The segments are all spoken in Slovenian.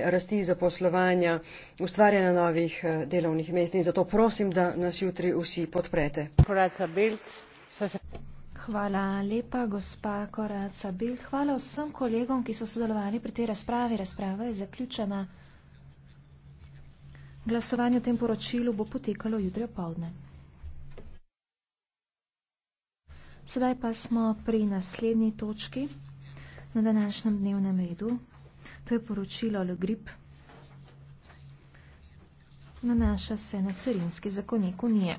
rasti zaposlovanja, ustvarjanja novih eh, delovnih mest in zato prosim, da nas jutri vsi podprete. Hvala lepa, gospa Koraca Bild. Hvala vsem kolegom, ki so sodelovali pri tej razpravi. Razprava je zaključena. Glasovanje o tem poročilu bo potekalo jutri opoldne. Sedaj pa smo pri naslednji točki na današnjem dnevnem redu. To je poročilo Le Grip. Nanaša se na carinski zakonik Unije.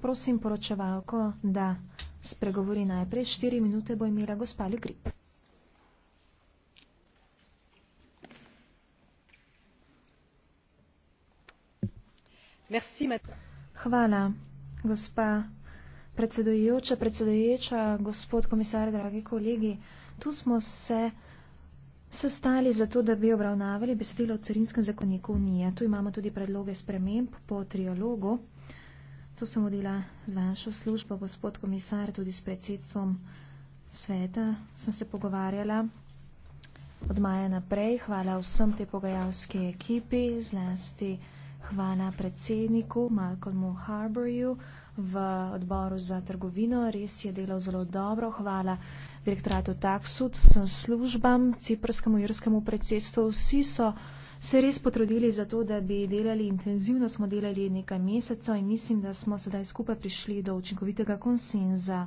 Prosim poročevalko, da spregovori najprej. Štiri minute bo imela gospa Le Grip. Hvala, gospa predsedujoča, predsedujoča, gospod komisar, dragi kolegi, tu smo se sestali zato, da bi obravnavali besedilo o carinskem zakoniku Unije. Tu imamo tudi predloge sprememb po trialogu. To sem vodila z vašo službo, gospod komisar, tudi s predsedstvom sveta. Sem se pogovarjala od maja naprej. Hvala vsem te pogajalske ekipi, zlasti hvala predsedniku Malcolmu Harborju v odboru za trgovino. Res je delal zelo dobro. Hvala direktoratu Taksud, vsem službam, ciprskemu jirskemu predsedstvu. Vsi so se res potrudili za to, da bi delali intenzivno. Smo delali nekaj mesecev in mislim, da smo sedaj skupaj prišli do učinkovitega konsenza.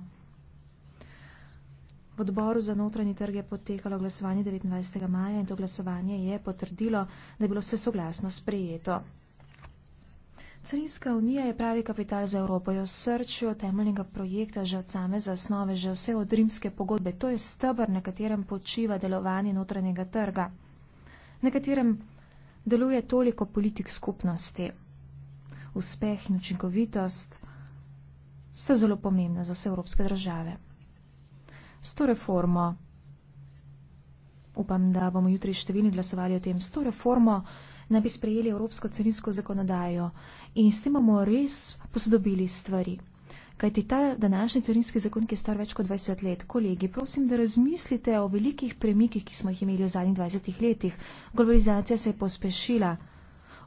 V odboru za notranji trg je potekalo glasovanje 29. maja in to glasovanje je potrdilo, da je bilo vse soglasno sprejeto. Carinska unija je pravi kapital za Evropo, jo srčijo temeljnega projekta že od same zasnove, že vse od rimske pogodbe. To je stebr, na katerem počiva delovanje notranjega trga, na katerem deluje toliko politik skupnosti. Uspeh in učinkovitost sta zelo pomembna za vse evropske države. S to reformo, upam, da bomo jutri številni glasovali o tem, s to reformo naj bi sprejeli evropsko carinsko zakonodajo in s tem bomo res posodobili stvari. Kajti ta današnji carinski zakon, ki je star več kot 20 let, kolegi, prosim, da razmislite o velikih premikih, ki smo jih imeli v zadnjih 20 letih. Globalizacija se je pospešila,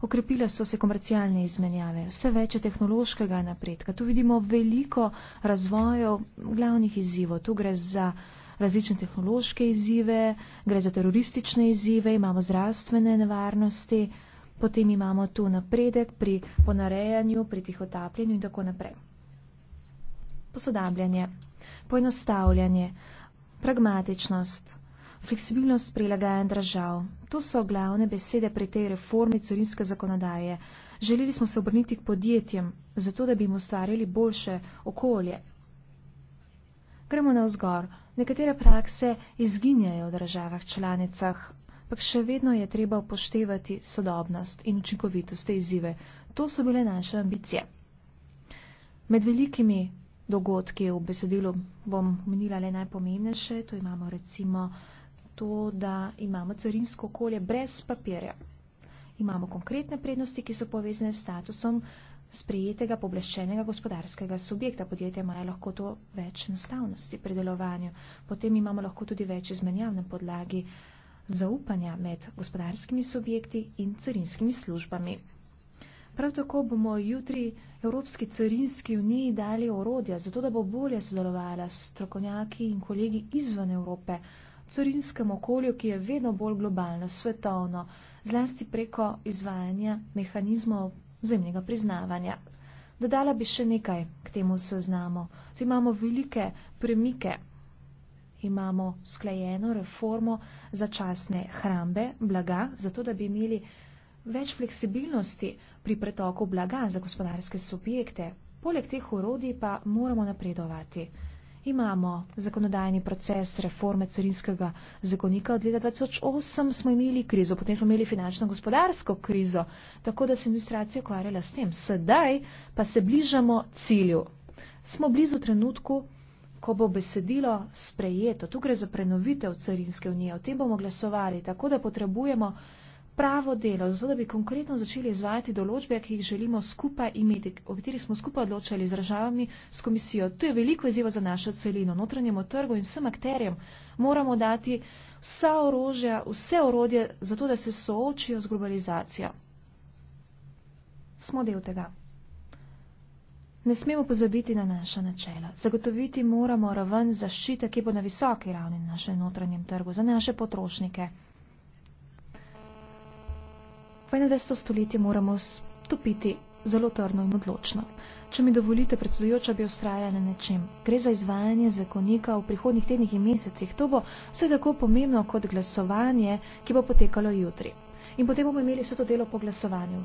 okrepila so se komercialne izmenjave, vse več je tehnološkega napredka. Tu vidimo veliko razvojev glavnih izzivov. Tu gre za različne tehnološke izzive, gre za teroristične izzive, imamo zdravstvene nevarnosti, potem imamo tu napredek pri ponarejanju, pri tihotapljenju in tako naprej. Posodabljanje, poenostavljanje, pragmatičnost, fleksibilnost prilagajanja držav. To so glavne besede pri tej reformi carinske zakonodaje. Želeli smo se obrniti k podjetjem, zato da bi jim ustvarili boljše okolje. Gremo na vzgor. Nekatere prakse izginjajo v državah članicah, pa še vedno je treba upoštevati sodobnost in učinkovitost te izzive. To so bile naše ambicije. Med velikimi dogodki v besedilu bom omenila le najpomembnejše, to imamo recimo to, da imamo carinsko okolje brez papirja. Imamo konkretne prednosti, ki so povezane s statusom sprejetega pobleščenega gospodarskega subjekta. Podjetja imajo lahko to več enostavnosti pri delovanju. Potem imamo lahko tudi več izmenjav na podlagi zaupanja med gospodarskimi subjekti in carinskimi službami. Prav tako bomo jutri Evropski carinski uniji dali orodja, zato da bo bolje sodelovala s strokovnjaki in kolegi izven Evrope, carinskem okolju, ki je vedno bolj globalno, svetovno, zlasti preko izvajanja mehanizmov zemnega priznavanja. Dodala bi še nekaj k temu seznamu. Tu imamo velike premike. Imamo sklajeno reformo začasne hrambe blaga, zato da bi imeli več fleksibilnosti pri pretoku blaga za gospodarske subjekte. Poleg teh urodij pa moramo napredovati imamo zakonodajni proces reforme carinskega zakonika od leta 2008, smo imeli krizo, potem smo imeli finančno-gospodarsko krizo, tako da se administracija ukvarjala s tem. Sedaj pa se bližamo cilju. Smo blizu trenutku, ko bo besedilo sprejeto. Tu gre za prenovitev carinske unije. O tem bomo glasovali, tako da potrebujemo pravo delo, zato da bi konkretno začeli izvajati določbe, ki jih želimo skupaj imeti, o katerih smo skupaj odločali z državami, s komisijo. To je veliko izziva za našo celino, notranjemu trgu in vsem akterjem. Moramo dati vsa orožja, vse orodje, zato da se soočijo z globalizacijo. Smo del tega. Ne smemo pozabiti na naša načela. Zagotoviti moramo raven zaščite, ki bo na visoki ravni na našem notranjem trgu, za naše potrošnike. 21. stoletje moramo stopiti zelo trdno in odločno. Če mi dovolite, predsedujoča bi ostrajala na nečem. Gre za izvajanje zakonika v prihodnih tednih in mesecih. To bo vse tako pomembno kot glasovanje, ki bo potekalo jutri. In potem bomo imeli vse to delo po glasovanju.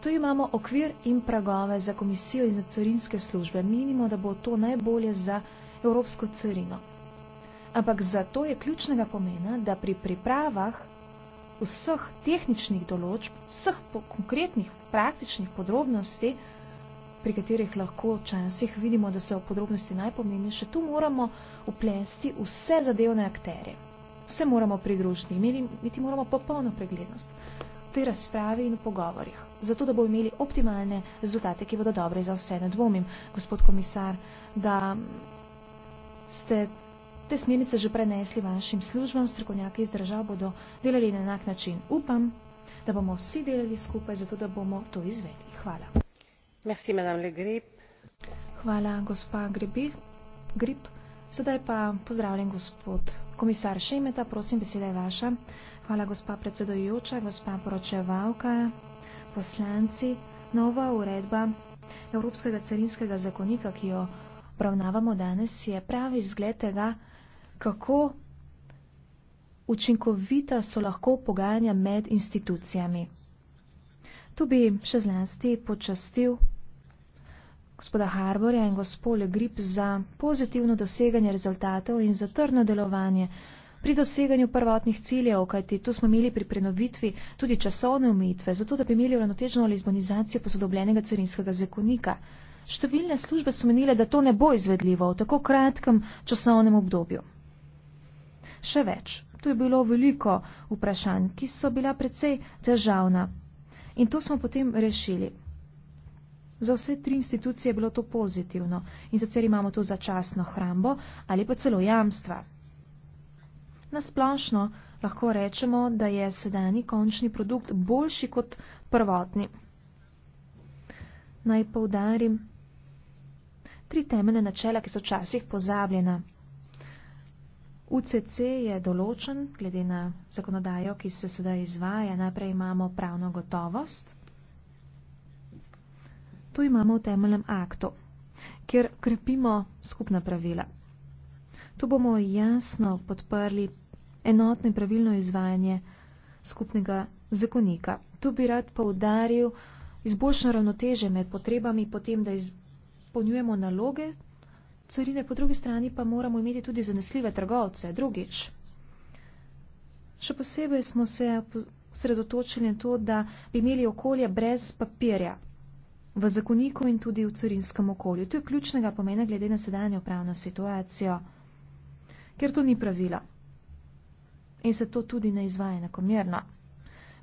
Tu imamo okvir in pragove za komisijo in za carinske službe. Menimo, da bo to najbolje za evropsko carino. Ampak zato je ključnega pomena, da pri pripravah vseh tehničnih določb, vseh po konkretnih praktičnih podrobnosti, pri katerih lahko včasih vidimo, da so podrobnosti najpomembnejše, tu moramo uplesti vse zadevne akterje. Vse moramo pridružiti, imeli, imeti moramo popolno preglednost v tej razpravi in v pogovorjih, zato da bo imeli optimalne rezultate, ki bodo dobre za vse. Ne dvomim, gospod komisar, da ste te smernice že prenesli vašim službam, strokovnjaki iz držav bodo delali na enak način. Upam, da bomo vsi delali skupaj, zato da bomo to izvedli. Hvala. Merci, madame Le Grip. Hvala, gospa Grebi, Grip. Sedaj pa pozdravljen gospod komisar Šemeta, prosim, beseda je vaša. Hvala, gospa predsedojoča, gospa poročevalka, poslanci. Nova uredba Evropskega carinskega zakonika, ki jo obravnavamo danes, je pravi izgled tega, kako učinkovita so lahko pogajanja med institucijami. Tu bi še zlasti počastil gospoda Harborja in gospoda Grip za pozitivno doseganje rezultatov in za trdno delovanje pri doseganju prvotnih ciljev, kajti tu smo imeli pri prenovitvi tudi časovne omejitve, zato da bi imeli uravnotežno lizbonizacijo posodobljenega carinskega zakonika. Številne službe so menile, da to ne bo izvedljivo v tako kratkem časovnem obdobju. Še več, tu je bilo veliko vprašanj, ki so bila precej težavna. In to smo potem rešili. Za vse tri institucije je bilo to pozitivno in sicer imamo to začasno hrambo ali pa celo jamstva. Nasplošno lahko rečemo, da je sedajni končni produkt boljši kot prvotni. Naj poudarim tri temeljne načela, ki so včasih pozabljena. UCC je določen, glede na zakonodajo, ki se sedaj izvaja, najprej imamo pravno gotovost. To imamo v temeljem aktu, kjer krepimo skupna pravila. Tu bomo jasno podprli enotno in pravilno izvajanje skupnega zakonika. Tu bi rad poudaril izboljšno ravnoteže med potrebami potem, da izpolnjujemo naloge carine, po drugi strani pa moramo imeti tudi zanesljive trgovce, drugič. Še posebej smo se sredotočili na to, da bi imeli okolje brez papirja v zakoniku in tudi v carinskem okolju. To je ključnega pomena glede na sedanjo pravno situacijo, ker to ni pravilo in se to tudi ne izvaja enakomerno.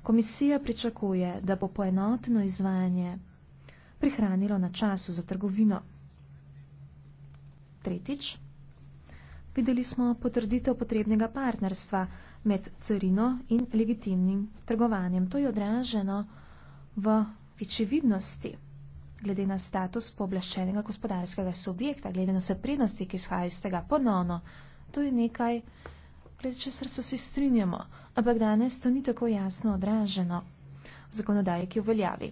Komisija pričakuje, da bo poenoteno izvajanje prihranilo na času za trgovino. Tretjič. Videli smo potrditev potrebnega partnerstva med carino in legitimnim trgovanjem. To je odraženo v večividnosti glede na status pooblaščenega gospodarskega subjekta, glede na vse prednosti, ki izhajajo iz tega ponovno. To je nekaj, glede česar se vsi strinjamo, ampak danes to ni tako jasno odraženo v zakonodaji, ki uveljavi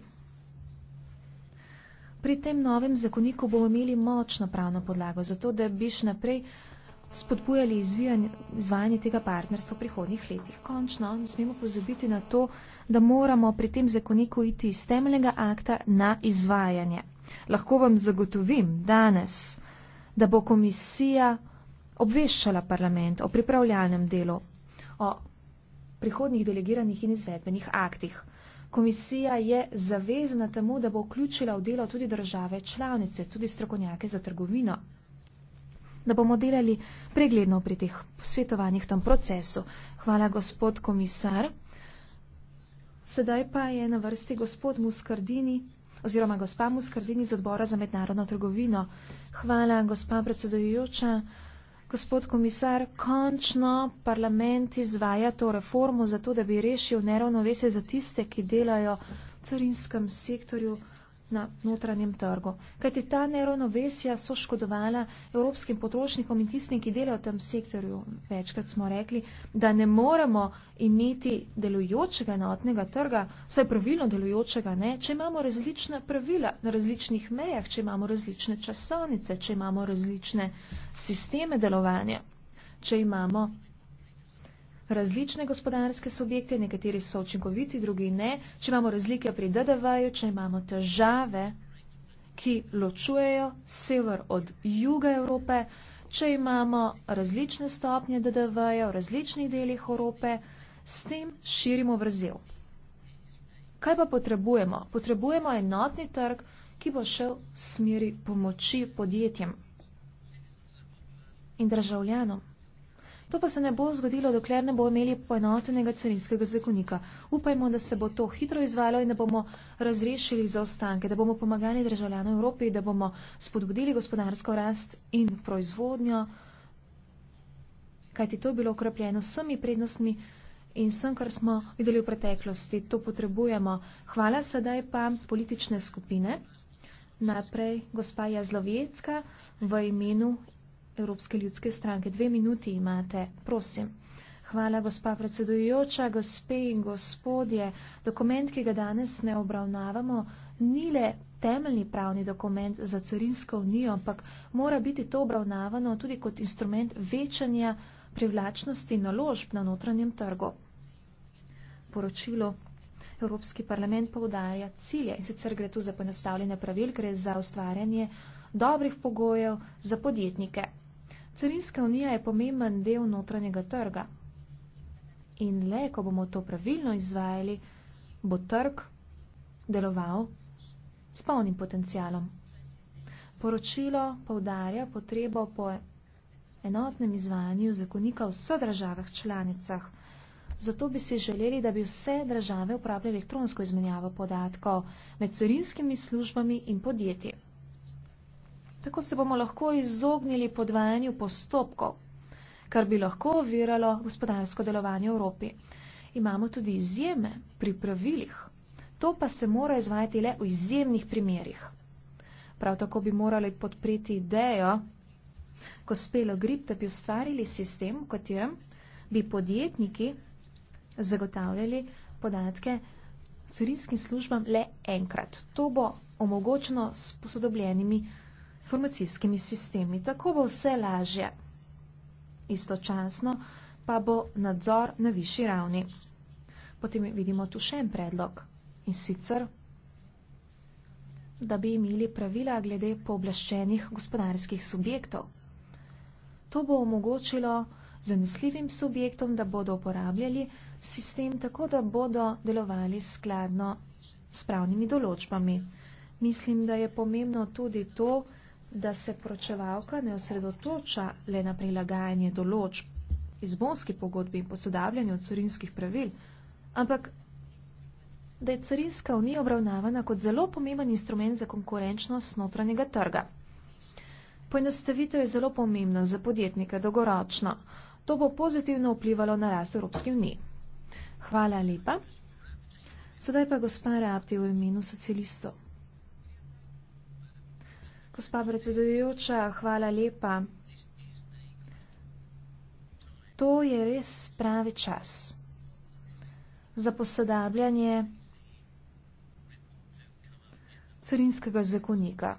pri tem novem zakoniku bomo imeli močno pravno podlago za to, da bi še naprej spodbujali izvajanje tega partnerstva v prihodnih letih. Končno ne smemo pozabiti na to, da moramo pri tem zakoniku iti iz temeljnega akta na izvajanje. Lahko vam zagotovim danes, da bo komisija obveščala parlament o pripravljalnem delu, o prihodnih delegiranih in izvedbenih aktih. Komisija je zavezna temu, da bo vključila v delo tudi države članice, tudi strokovnjake za trgovino, da bomo delali pregledno pri teh posvetovanjih v tem procesu. Hvala, gospod komisar. Sedaj pa je na vrsti gospod Muskardini oziroma gospa Muskardini z odbora za mednarodno trgovino. Hvala, gospa predsedujoča. Gospod komisar, končno parlament izvaja to reformo, zato da bi rešil neravnovesje za tiste, ki delajo v carinskem sektorju na notranjem trgu. Kajti ta neravnovesja so škodovala evropskim potrošnikom in tistim, ki delajo v tem sektorju. Večkrat smo rekli, da ne moremo imeti delujočega enotnega trga, vsaj pravilno delujočega, ne, če imamo različna pravila na različnih mejah, če imamo različne časovnice, če imamo različne sisteme delovanja, če imamo različne gospodarske subjekte, nekateri so učinkoviti, drugi ne, če imamo razlike pri DDV-ju, če imamo težave, ki ločujejo sever od juga Evrope, če imamo različne stopnje DDV-ja v različnih delih Evrope, s tem širimo vrzel. Kaj pa potrebujemo? Potrebujemo enotni trg, ki bo šel v smeri pomoči podjetjem in državljanom. To pa se ne bo zgodilo, dokler ne bo imeli poenotenega carinskega zakonika. Upajmo, da se bo to hitro izvalo in da bomo razrešili zaostanke, da bomo pomagali državljanom Evropi, da bomo spodbudili gospodarsko rast in proizvodnjo, kajti to je bilo okrepljeno s vsemi prednostmi in vsem, kar smo videli v preteklosti. To potrebujemo. Hvala sedaj pa politične skupine. Najprej gospa Jazlovecka v imenu Evropske ljudske stranke. Dve minuti imate, prosim. Hvala, gospa predsedujoča, gospe in gospodje. Dokument, ki ga danes ne obravnavamo, ni le temeljni pravni dokument za carinsko unijo, ampak mora biti to obravnavano tudi kot instrument večanja privlačnosti naložb na notranjem trgu. Poročilo. Evropski parlament povdaja cilje in sicer gre tu za poenostavljene pravil, gre za ustvarjanje dobrih pogojev za podjetnike. Carinska unija je pomemben del notranjega trga. In le, ko bomo to pravilno izvajali, bo trg deloval s polnim potencialom. Poročilo povdarja potrebo po enotnem izvajanju zakonika v vseh državah članicah. Zato bi si želeli, da bi vse države uporabljali elektronsko izmenjavo podatkov med carinskimi službami in podjetji. Tako se bomo lahko izognili podvajanju postopkov, kar bi lahko oviralo gospodarsko delovanje v Evropi. Imamo tudi izjeme pri pravilih. To pa se mora izvajati le v izjemnih primerjih. Prav tako bi morali podpreti idejo, ko spelo grip, da bi ustvarili sistem, v katerem bi podjetniki zagotavljali podatke carinskim službam le enkrat. To bo omogočeno s posodobljenimi podatki informacijskimi sistemi. Tako bo vse lažje. Istočasno pa bo nadzor na višji ravni. Potem vidimo tu še en predlog in sicer, da bi imeli pravila glede pooblaščenih gospodarskih subjektov. To bo omogočilo zanesljivim subjektom, da bodo uporabljali sistem tako, da bodo delovali skladno s pravnimi določbami. Mislim, da je pomembno tudi to, da bodo da se poročevalka ne osredotoča le na prilagajanje določb iz bonski pogodbi in posodabljanju carinskih pravil, ampak da je carinska unija obravnavana kot zelo pomemben instrument za konkurenčnost notranjega trga. Poenostavitev je zelo pomembna za podjetnike dolgoročno. To bo pozitivno vplivalo na rast Evropske unije. Hvala lepa. Sedaj pa gospa Rapti v imenu socialistov. Gospa predsedujoča, hvala lepa. To je res pravi čas za posodabljanje carinskega zakonika.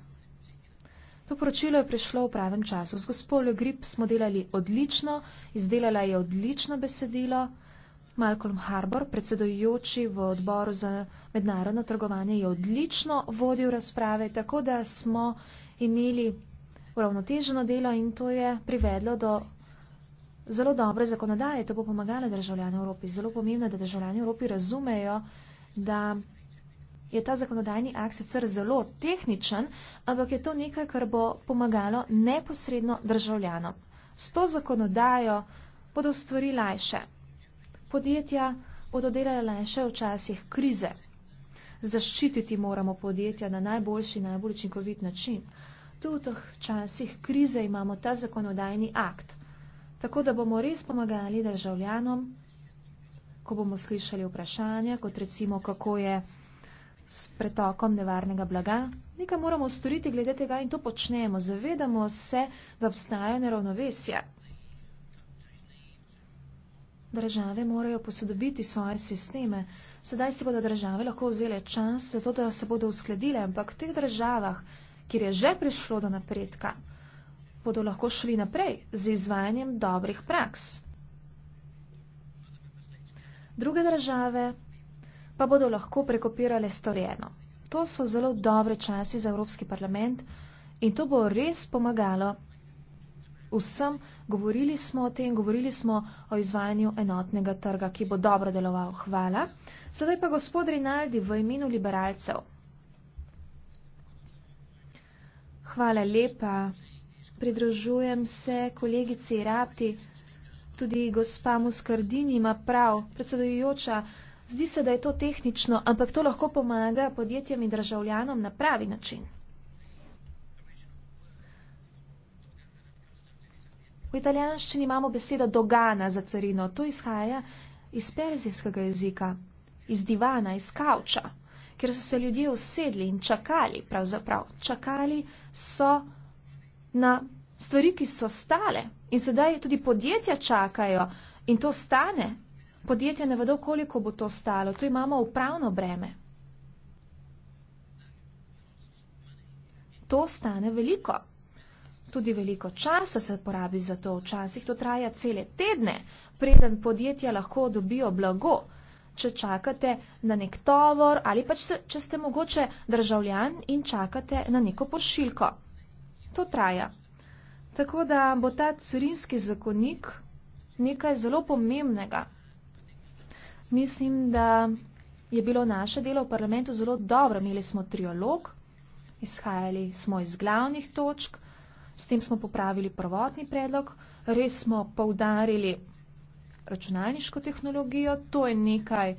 To poročilo je prišlo v pravem času. Z gospodjo Grip smo delali odlično, izdelala je odlično besedilo. Malcolm Harbour, predsedojoči v odboru za mednarodno trgovanje, je odlično vodil razprave, tako da smo imeli uravnoteženo delo in to je privedlo do zelo dobre zakonodaje. To bo pomagalo državljanom Evropi. Zelo pomembno je, da državljani Evropi razumejo, da je ta zakonodajni akt sicer zelo tehničen, ampak je to nekaj, kar bo pomagalo neposredno državljanom. S to zakonodajo bodo stvari lajše. Podjetja bodo delala lajše v časih krize. Zaščititi moramo podjetja na najboljši, najbolj učinkovit način tu v teh časih krize imamo ta zakonodajni akt, tako da bomo res pomagali državljanom, ko bomo slišali vprašanja, kot recimo, kako je s pretokom nevarnega blaga. Nekaj moramo storiti glede tega in to počnemo. Zavedamo se, da obstajajo neravnovesja. Države morajo posodobiti svoje sisteme. Sedaj si bodo države lahko vzele čas, zato da se bodo uskladile, ampak v teh državah kjer je že prišlo do napredka, bodo lahko šli naprej z izvajanjem dobrih praks. Druge države pa bodo lahko prekopirale storjeno. To so zelo dobre časi za Evropski parlament in to bo res pomagalo vsem. Govorili smo o tem, govorili smo o izvajanju enotnega trga, ki bo dobro deloval. Hvala. Sedaj pa gospod Rinaldi v imenu liberalcev. Hvala lepa. Pridružujem se kolegici Rapti. Tudi gospa Muskardin ima prav. Predsedujoča, zdi se, da je to tehnično, ampak to lahko pomaga podjetjem in državljanom na pravi način. V italijanščini imamo besedo dogana za carino. To izhaja iz perzijskega jezika, iz divana, iz kavča ker so se ljudje usedli in čakali, pravzaprav čakali so na stvari, ki so stale in sedaj tudi podjetja čakajo in to stane. Podjetja ne vedo, koliko bo to stalo. Tu imamo upravno breme. To stane veliko. Tudi veliko časa se porabi za to. Včasih to traja cele tedne, preden podjetja lahko dobijo blago če čakate na nek tovor ali pač se, če ste mogoče državljan in čakate na neko pošiljko. To traja. Tako da bo ta carinski zakonik nekaj zelo pomembnega. Mislim, da je bilo naše delo v parlamentu zelo dobro. Imeli smo triolog, izhajali smo iz glavnih točk, s tem smo popravili prvotni predlog, res smo poudarili računalniško tehnologijo. To je nekaj,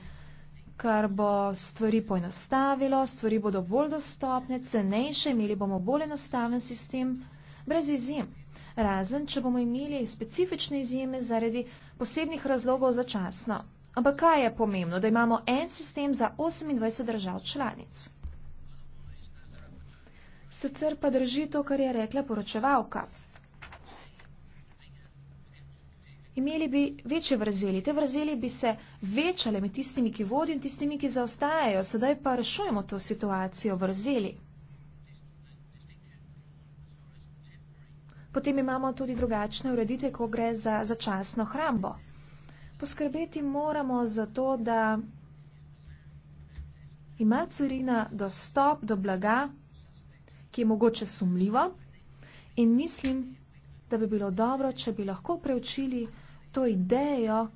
kar bo stvari poenostavilo, stvari bodo bolj dostopne, cenejše, imeli bomo bolj enostaven sistem, brez izjem. Razen, če bomo imeli specifične izjeme zaradi posebnih razlogov začasno. Ampak kaj je pomembno, da imamo en sistem za 28 držav članic? Sicer pa drži to, kar je rekla poročevalka. imeli bi večje vrzeli. Te vrzeli bi se večale med tistimi, ki vodijo in tistimi, ki zaostajajo. Sedaj pa rešujemo to situacijo vrzeli. Potem imamo tudi drugačne ureditve, ko gre za začasno hrambo. Poskrbeti moramo za to, da ima carina dostop do blaga, ki je mogoče sumljivo in mislim, da bi bilo dobro, če bi lahko preučili vsega, to idejo,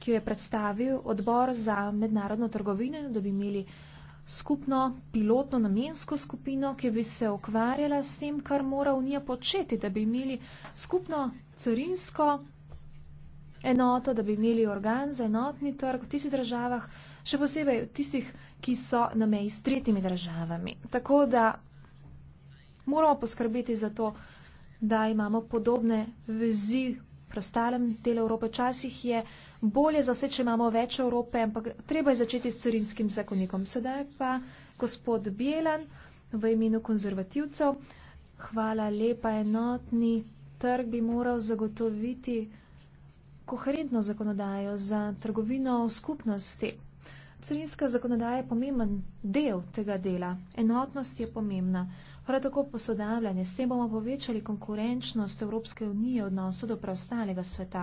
ki jo je predstavil odbor za mednarodno trgovino, da bi imeli skupno pilotno namensko skupino, ki bi se ukvarjala s tem, kar mora Unija početi, da bi imeli skupno carinsko enoto, da bi imeli organ za enotni trg v tistih državah, še posebej v tistih, ki so na meji s tretjimi državami. Tako da moramo poskrbeti za to, da imamo podobne vezi preostalem delu Evrope. Včasih je bolje za vse, če imamo več Evrope, ampak treba je začeti s carinskim zakonikom. Sedaj pa gospod Bielan v imenu konzervativcev. Hvala lepa, enotni trg bi moral zagotoviti koherentno zakonodajo za trgovino v skupnosti. Carinska zakonodaja je pomemben del tega dela. Enotnost je pomembna. Prav tako posodabljanje, s tem bomo povečali konkurenčnost Evropske unije v odnosu do preostalega sveta.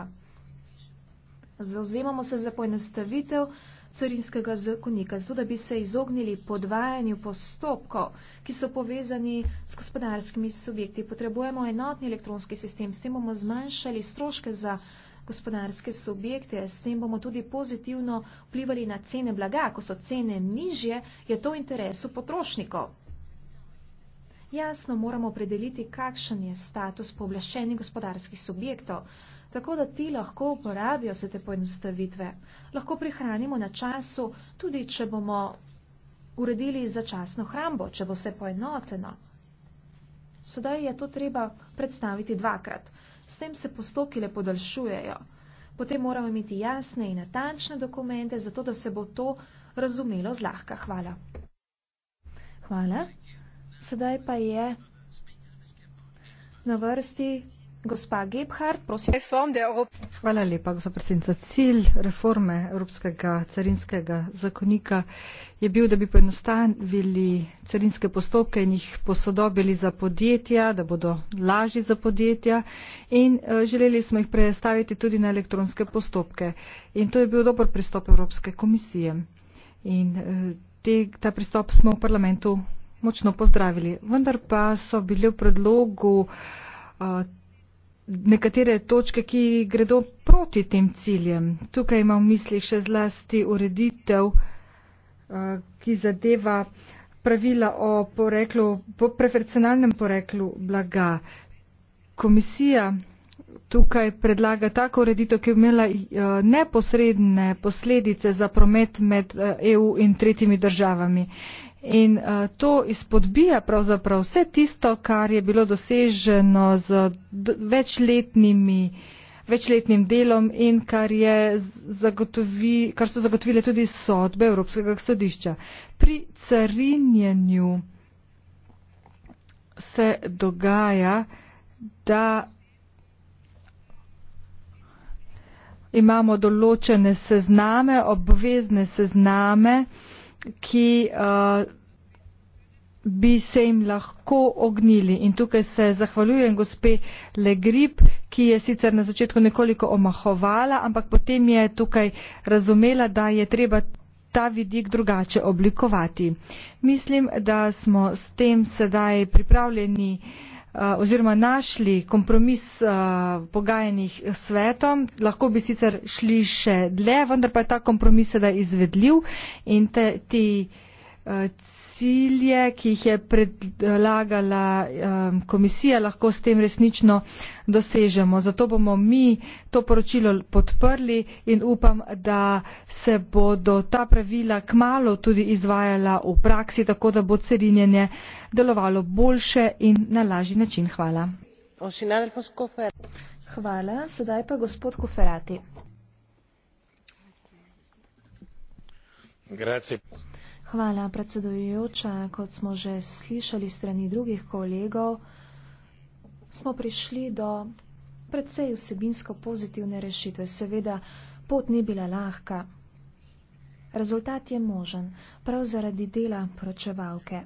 Zauzemamo se za poenostavitev carinskega zakonika, zato da bi se izognili podvajanju postopkov, ki so povezani s gospodarskimi subjekti. Potrebujemo enotni elektronski sistem, s tem bomo zmanjšali stroške za gospodarske subjekte, s tem bomo tudi pozitivno vplivali na cene blaga. Ko so cene nižje, je to v interesu potrošnikov jasno moramo predeliti, kakšen je status povlaščenih gospodarskih subjektov, tako da ti lahko uporabijo se te poenostavitve. Lahko prihranimo na času, tudi če bomo uredili začasno hrambo, če bo vse poenoteno. Sedaj je to treba predstaviti dvakrat. S tem se postopki le podaljšujejo. Potem moramo imeti jasne in natančne dokumente, zato da se bo to razumelo zlahka. Hvala. Hvala. Sedaj pa je na vrsti gospa Gebhardt, prosim. Hvala lepa, gospod predsednica. Cilj reforme Evropskega carinskega zakonika je bil, da bi poenostavili carinske postopke in jih posodobili za podjetja, da bodo lažji za podjetja in eh, želeli smo jih prestaviti tudi na elektronske postopke. In to je bil dober pristop Evropske komisije. In eh, te, ta pristop smo v parlamentu močno pozdravili. Vendar pa so bile v predlogu uh, nekatere točke, ki gredo proti tem ciljem. Tukaj imam v misli še zlasti ureditev, uh, ki zadeva pravila o poreklu, po preferencionalnem poreklu blaga. Komisija tukaj predlaga tako ureditev, ki bi imela uh, neposredne posledice za promet med EU in tretjimi državami. In uh, to izpodbija pravzaprav vse tisto, kar je bilo doseženo z večletnimi, večletnim delom in kar, je zagotovi, kar so zagotovile tudi sodbe Evropskega sodišča. Pri carinjenju se dogaja, da imamo določene sezname, obvezne sezname, ki eh, bi se jim lahko ognili. In tukaj se zahvaljujem gospe Legrip, ki je sicer na začetku nekoliko omahovala, ampak potem je tukaj razumela, da je treba ta vidik drugače oblikovati. Mislim, da smo s tem sedaj pripravljeni uh, Eh, oziroma našli kompromis v eh, pogajanjih s svetom. Lahko bi sicer šli še dlje, vendar pa je ta kompromis sedaj izvedljiv in te, ti eh, cilje, ki jih je predlagala um, komisija, lahko s tem resnično dosežemo. Zato bomo mi to poročilo podprli in upam, da se bodo ta pravila kmalo tudi izvajala v praksi, tako da bo cerinjenje delovalo boljše in na lažji način. Hvala. Hvala. Sedaj pa gospod Koferati. Grazie. Hvala, predsedujoča. Kot smo že slišali strani drugih kolegov, smo prišli do predvsej vsebinsko pozitivne rešitve. Seveda, pot ni bila lahka. Rezultat je možen, prav zaradi dela pročevalke.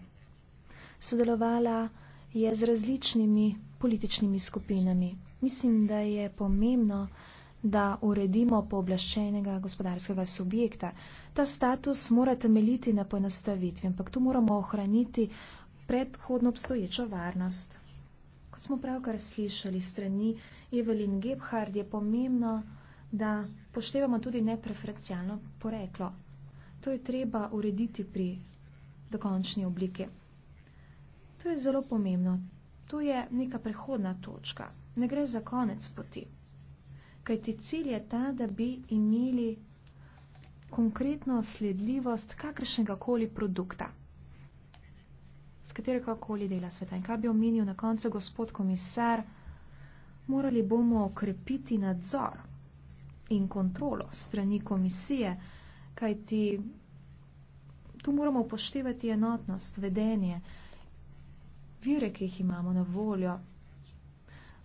Sodelovala je z različnimi političnimi skupinami. Mislim, da je pomembno, da da uredimo pooblaščenega gospodarskega subjekta. Ta status mora temeljiti na poenostavitvi, ampak tu moramo ohraniti predhodno obstoječo varnost. Ko smo pravkar slišali strani Evelin Gebhard, je pomembno, da poštevamo tudi nepreferencialno poreklo. To je treba urediti pri dokončni obliki. To je zelo pomembno. To je neka prehodna točka. Ne gre za konec poti. Kaj ti cilj je ta, da bi imeli konkretno sledljivost kakršnega koli produkta, s katerega koli dela sveta. In kaj bi omenil na koncu gospod komisar, morali bomo okrepiti nadzor in kontrolo strani komisije, kaj ti tu moramo upoštevati enotnost, vedenje, vire, ki jih imamo na voljo.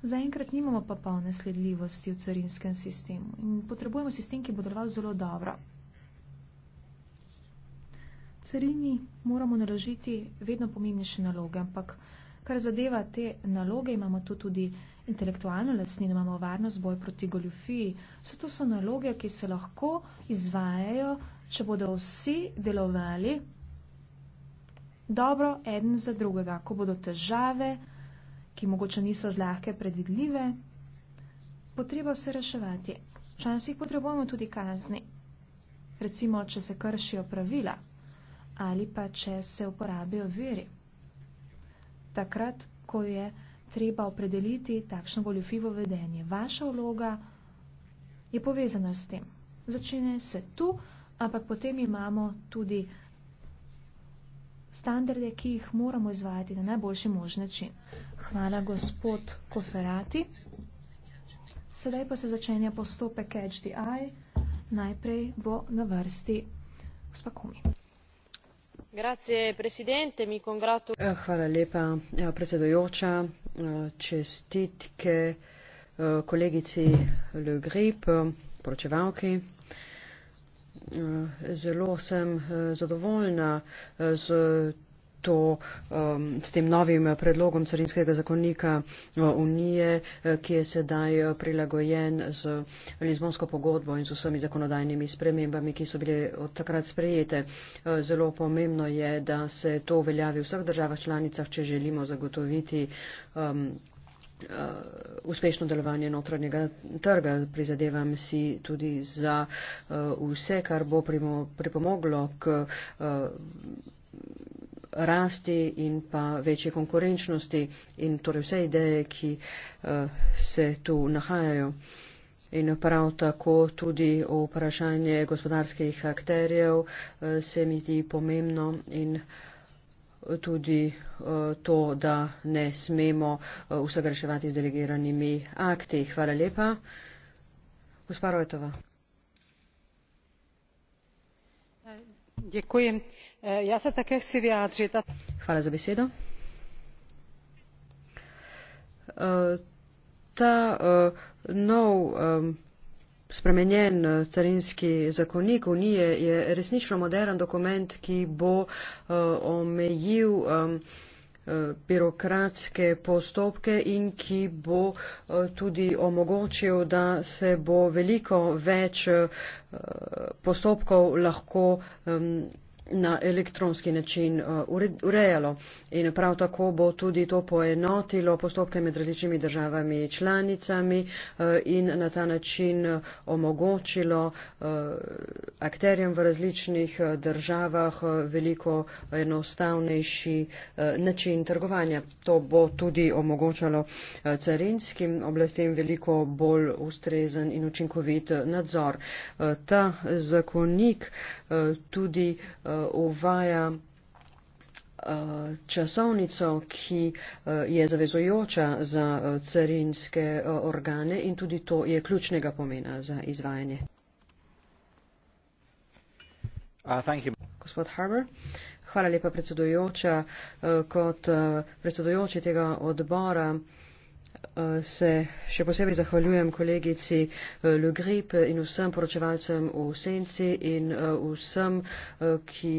Zaenkrat nimamo pa polne sledljivosti v carinskem sistemu in potrebujemo sistem, ki bo deloval zelo dobro. Carini moramo naložiti vedno pomembnejše naloge, ampak kar zadeva te naloge, imamo tu tudi intelektualno lasnino, imamo varnost, boj proti goljufiji. Vse to so naloge, ki se lahko izvajajo, če bodo vsi delovali dobro eden za drugega, ko bodo težave ki mogoče niso zlahke predvidljive, potreba se reševati. Včasih potrebujemo tudi kazni, recimo, če se kršijo pravila ali pa če se uporabijo veri. Takrat, ko je treba opredeliti takšno goljofivo vedenje, vaša vloga je povezana s tem. Začne se tu, ampak potem imamo tudi standarde, ki jih moramo izvajati na najboljši mož način. Hvala, gospod Koferati. Sedaj pa se začenja postopek HDI. Najprej bo na vrsti gospa Kumi. Eh, hvala lepa, ja, predsedojoča. Eh, čestitke eh, kolegici Le Grip, poročevalki. Eh, zelo sem eh, zadovoljna z. Eh, to, um, s tem novim predlogom carinskega zakonika Unije, ki je sedaj prilagojen z Lizbonsko pogodbo in z vsemi zakonodajnimi spremembami, ki so bile od takrat sprejete. Zelo pomembno je, da se to uveljavi v vseh državah članicah, če želimo zagotoviti. Um, Eh, uspešno delovanje notranjega trga. Prizadevam si tudi za eh, vse, kar bo pripomoglo k eh, rasti in pa večje konkurenčnosti in torej vse ideje, ki se tu nahajajo. In prav tako tudi vprašanje gospodarskih akterjev se mi zdi pomembno in pomembno tudi eh, to, da ne smemo eh, vsega reševati z delegiranimi akti. Hvala lepa. Gospa Rojtova. Děkuji. Eh, já se také chci vyjádřit. A... Hvala za besedo. Uh, ta uh, nov um, spremenjen eh, carinski zakonik unije je resnično modern dokument, ki bo uh, omejil um, birokratske postopke in ki bo tudi omogočil, da se bo veliko več postopkov lahko na elektronski način uh, urejalo. In prav tako bo tudi to poenotilo postopke med različnimi državami članicami uh, in na ta način omogočilo uh, akterjem v različnih državah veliko enostavnejši način trgovanja. To bo tudi omogočalo carinskim oblastem veliko bolj ustrezen in učinkovit nadzor. Ta zakonik tudi uvaja eh, časovnico, ki eh, je zavezojoča za eh, carinske organe in tudi to je ključnega pomena za izvajanje. Uh, Gospod Harbour, hvala lepa predsedojoča. Kot predsedojoči tega odbora se še posebej zahvaljujem kolegici eh, Le Grip in vsem poročevalcem v senci in eh, vsem, eh, ki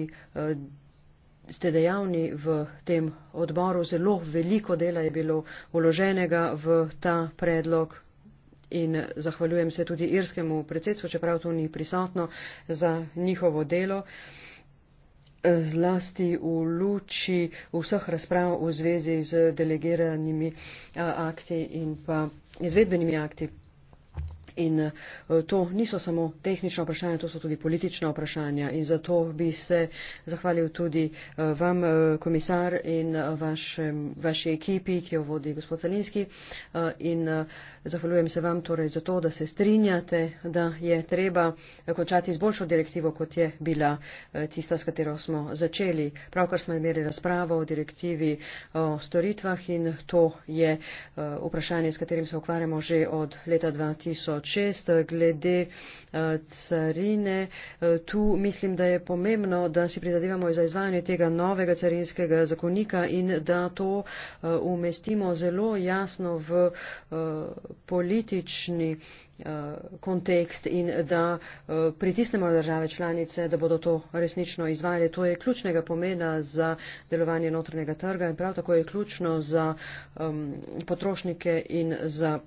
ste dejavni v tem odboru. Zelo veliko dela je bilo uloženega v ta predlog. In zahvaljujem se tudi irskemu predsedstvu, čeprav to ni prisotno, za njihovo delo. Uh, zlasti v luči vseh razprav v zvezi z delegiranimi akti in pa izvedbenimi akti In eh, to niso samo tehnična vprašanja, to so tudi politična vprašanja. In zato bi se zahvalil tudi eh, vam, eh, komisar, in vašem, vaši ekipi, ki jo vodi gospod Salinski. In zahvaljujem se vam torej zato, da se strinjate, da je treba končati z boljšo direktivo, kot je bila tista, s katero smo začeli. Pravkar smo imeli razpravo o direktivi o storitvah in to je vprašanje, s katerim se ukvarjamo že od leta 2000 od šest eh, glede eh, carine. Eh, tu mislim, da je pomembno, da si pridadevamo za izvajanje tega novega carinskega zakonika in da to umestimo zelo jasno v politični kontekst in da pritisnemo na države članice, da bodo to resnično izvajali. To je ključnega pomena za delovanje notranjega trga in prav tako je ključno za um, potrošnike in za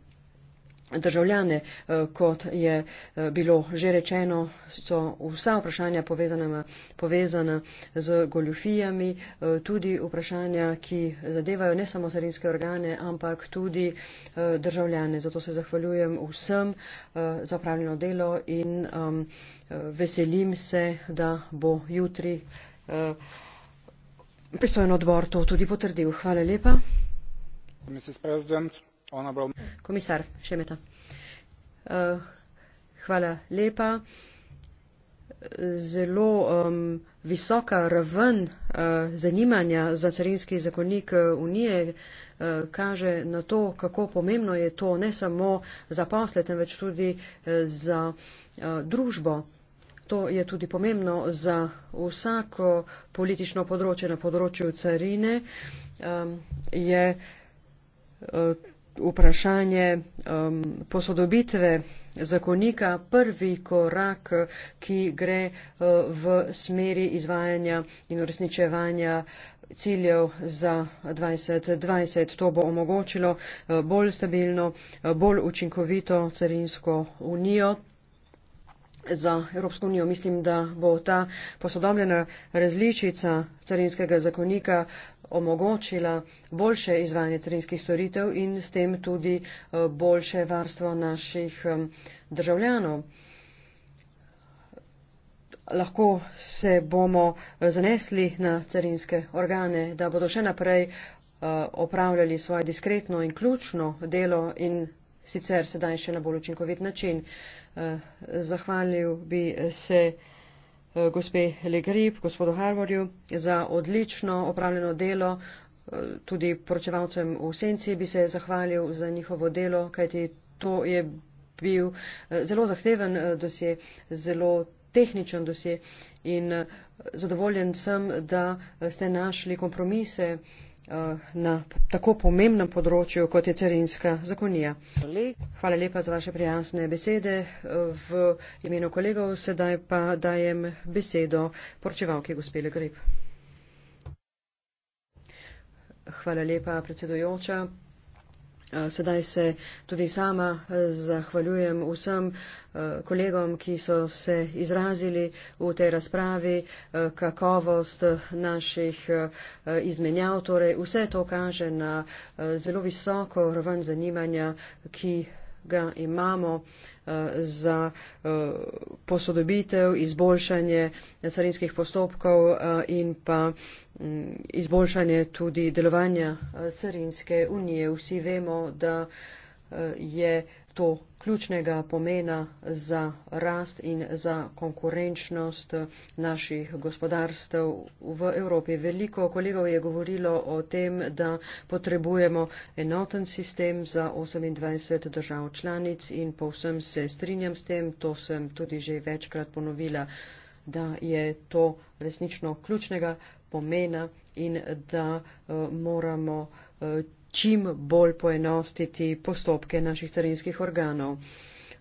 državljane, eh, kot je eh, bilo že rečeno, so vsa vprašanja povezana, povezana z goljufijami, eh, tudi vprašanja, ki zadevajo ne samo sarinske organe, ampak tudi državljane. Zato se zahvaljujem vsem za upravljeno delo in veselim se, da bo jutri pristojen odbor to tudi potrdil. Hvala lepa. Mrs. President. Komisar Šemeta. Eh, hvala lepa. Zelo um, visoka raven uh, zanimanja za carinski zakonnik eh, Unije uh, kaže na to, kako pomembno je to ne samo za posle, temveč tudi uh, za uh, družbo. To je tudi pomembno za vsako politično področje na področju carine. Um, je, uh, vprašanje um, posodobitve zakonika prvi korak, ki gre uh, v smeri izvajanja in uresničevanja ciljev za 2020. To bo omogočilo uh, bolj stabilno, uh, bolj učinkovito carinsko unijo za Evropsko unijo. Mislim, da bo ta posodobljena različica carinskega zakonika omogočila boljše izvajanje carinskih storitev in s tem tudi eh, boljše varstvo naših eh, državljanov. Lahko se bomo eh, zanesli na carinske organe, da bodo še naprej opravljali svoje diskretno in ključno delo in sicer sedaj še na bolj učinkovit način. Eh, zahvalil bi se eh, gospe Legrib, gospodu Harvorju za odlično opravljeno delo. Eh, tudi poročevalcem v senci bi se zahvalil za njihovo delo, kajti to je bil zelo zahteven dosje, zelo tehničen dosje in zadovoljen sem, da ste našli kompromise Eh, na tako pomembnem področju, kot je carinska zakonija. Hvala lepa za vaše prijazne besede. V imenu kolegov sedaj pa dajem besedo poročevalki gospele Grip. Hvala lepa, predsedujoča. Sedaj se tudi sama e, zahvaljujem vsem e, kolegom, ki so se izrazili v tej razpravi, e, kakovost naših izmenjav. Torej, vse to kaže na zelo visoko raven zanimanja, ki ga imamo za posodobitev, izboljšanje carinskih postopkov in pa Mm, izboljšanje tudi delovanja eh, Carinske unije. Vsi vemo, da eh, je to ključnega pomena za rast in za konkurenčnost eh, naših gospodarstv v Evropi. Veliko kolegov je govorilo o tem, da potrebujemo enoten sistem za 28 držav članic in povsem se strinjam s tem, to sem tudi že večkrat ponovila da je to resnično ključnega pomena in da eh, moramo eh, čim bolj poenostiti postopke naših carinskih organov.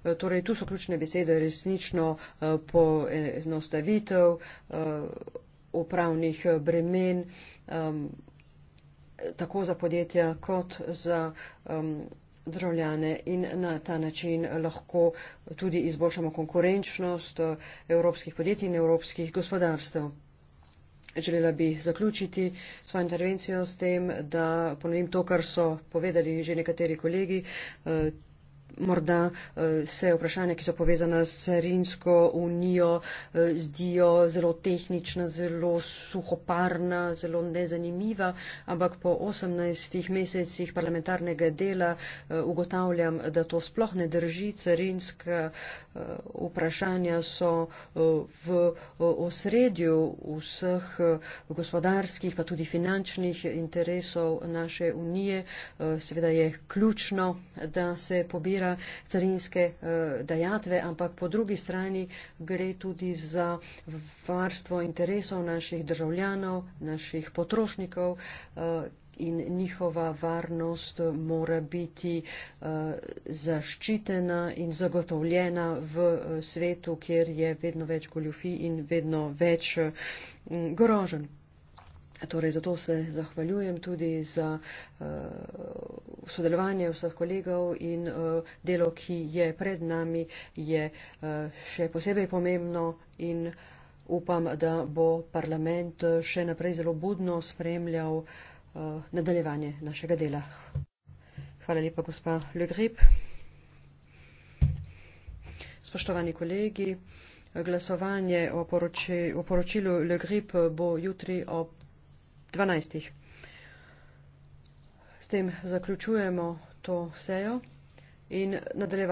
Eh, torej, tu so ključne besede resnično poenostavitev upravnih bremen tako za podjetja kot za um, državljane in na ta način lahko tudi izboljšamo konkurenčnost eh, evropskih podjetij in evropskih gospodarstv. Želela bi zaključiti svojo intervencijo s tem, da ponovim to, kar so povedali že nekateri kolegi. Eh, morda eh, se vprašanja, ki so povezana s Carinsko unijo, eh, zdijo zelo tehnična, zelo suhoparna, zelo nezanimiva, ampak po 18 mesecih parlamentarnega dela eh, ugotavljam, da to sploh ne drži. Carinska vprašanja so v osredju vseh gospodarskih, pa tudi finančnih interesov naše unije. Seveda je ključno, da se pobira zniža carinske eh, dajatve, ampak po drugi strani gre tudi za varstvo interesov naših državljanov, naših potrošnikov eh, in njihova varnost mora biti eh, zaščitena in zagotovljena v svetu, kjer je vedno več goljufi in vedno več mm, groženj. Torej, zato se zahvaljujem tudi za uh, sodelovanje vseh kolegov in uh, delo, ki je pred nami, je uh, še posebej pomembno in upam, da bo parlament še naprej zelo budno spremljal uh, nadaljevanje našega dela. Hvala lepa, gospa Le Grip. Spoštovani kolegi, glasovanje o, poroči, o poročilu Le Grip bo jutri ob 12. S tem zaključujemo to sejo in nadaljevanje.